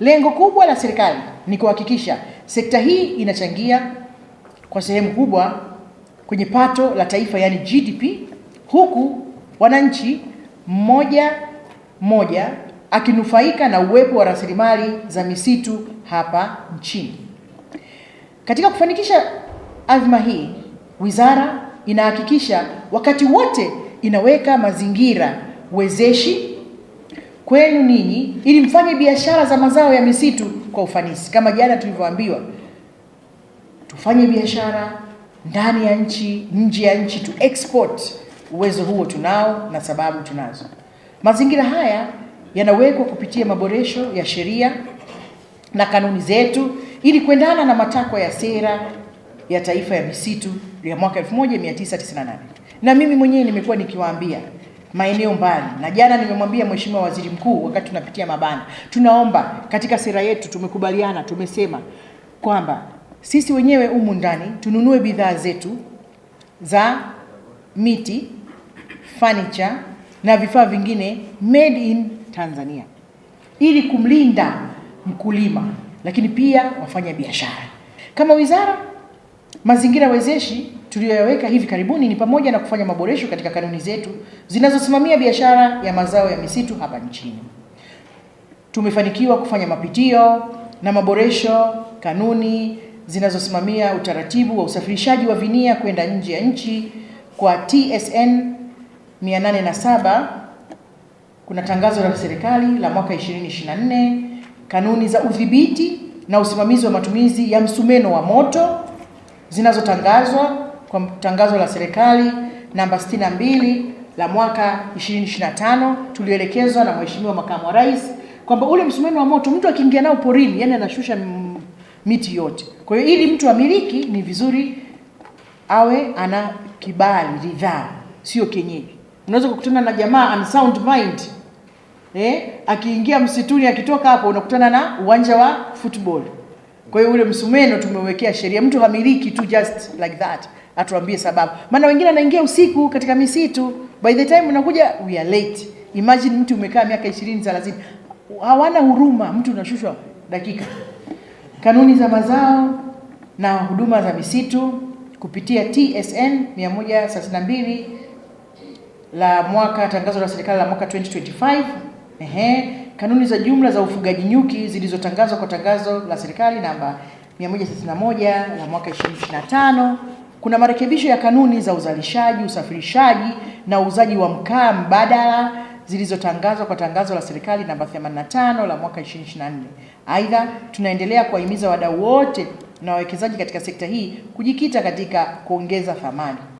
Lengo kubwa la serikali ni kuhakikisha sekta hii inachangia kwa sehemu kubwa kwenye pato la taifa, yani GDP, huku wananchi mmoja mmoja akinufaika na uwepo wa rasilimali za misitu hapa nchini. Katika kufanikisha azma hii, wizara inahakikisha wakati wote inaweka mazingira wezeshi kwenu ninyi ili mfanye biashara za mazao ya misitu kwa ufanisi. Kama jana tulivyoambiwa, tufanye biashara ndani ya nchi, nje ya nchi, tu export. Uwezo huo tunao na sababu tunazo. Mazingira haya yanawekwa kupitia maboresho ya sheria na kanuni zetu ili kuendana na matakwa ya sera ya taifa ya misitu ya mwaka 1998 na mimi mwenyewe nimekuwa nikiwaambia maeneo mbali, na jana nimemwambia Mheshimiwa Waziri Mkuu wakati tunapitia mabana, tunaomba katika sera yetu tumekubaliana, tumesema kwamba sisi wenyewe humu ndani tununue bidhaa zetu za miti, furniture na vifaa vingine made in Tanzania ili kumlinda mkulima, lakini pia wafanya biashara. Kama wizara mazingira wezeshi tuliyoyaweka hivi karibuni ni pamoja na kufanya maboresho katika kanuni zetu zinazosimamia biashara ya mazao ya misitu hapa nchini. Tumefanikiwa kufanya mapitio na maboresho kanuni zinazosimamia utaratibu wa usafirishaji wa vinia kwenda nje ya nchi kwa TSN 807. Kuna tangazo la serikali la mwaka 2024, kanuni za udhibiti na usimamizi wa matumizi ya msumeno wa moto zinazotangazwa kwa tangazo la serikali namba 62 la mwaka 2025 tulielekezwa na Mheshimiwa Makamu wa Rais kwamba ule msumeno wa moto mtu akiingia nao porini, yani anashusha miti yote. Kwa hiyo ili mtu amiliki ni vizuri awe ana kibali, ridhaa, sio kenyeji. Unaweza kukutana na jamaa an sound mind eh, akiingia msituni, akitoka hapo unakutana na uwanja wa football. Kwa hiyo ule msumeno tumewekea sheria, mtu hamiliki tu just like that atuambie sababu, maana wengine anaingia usiku katika misitu, by the time unakuja we are late. Imagine mtu umekaa miaka 20 30, hawana huruma, mtu unashushwa dakika. Kanuni za mazao na huduma za misitu kupitia TSN 132 la mwaka tangazo la serikali la mwaka 2025. Ehe, kanuni za jumla za ufugaji nyuki zilizotangazwa kwa tangazo la serikali namba 131 la mwaka 2025 kuna marekebisho ya kanuni za uzalishaji, usafirishaji na uuzaji wa mkaa mbadala zilizotangazwa kwa tangazo la serikali namba 85 la mwaka 2024. Aidha, tunaendelea kuwahimiza wadau wote na wawekezaji katika sekta hii kujikita katika kuongeza thamani